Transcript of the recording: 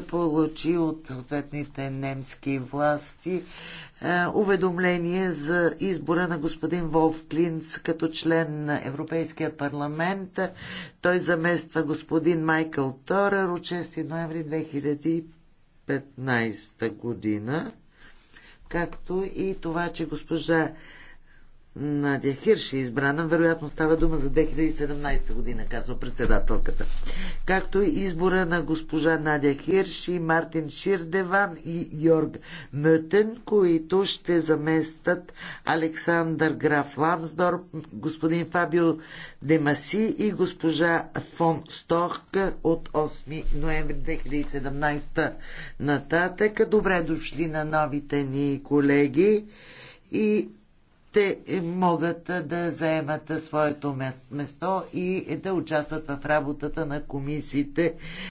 получи от съответните немски власти е, уведомление за избора на господин Волф Клинц като член на Европейския парламент. Той замества господин Майкъл Торър от 6 ноември 2015 година, както и това, че госпожа Надя Хирш е избрана. Вероятно става дума за 2017 година, казва председателката. Както и избора на госпожа Надя Хирш и Мартин Ширдеван и Йорг Мътен, които ще заместят Александър Граф Ламсдор, господин Фабио Демаси и госпожа Фон Стох от 8 ноември 2017 нататък. Добре дошли на новите ни колеги и ще могат да заемат своето место и да участват в работата на комисиите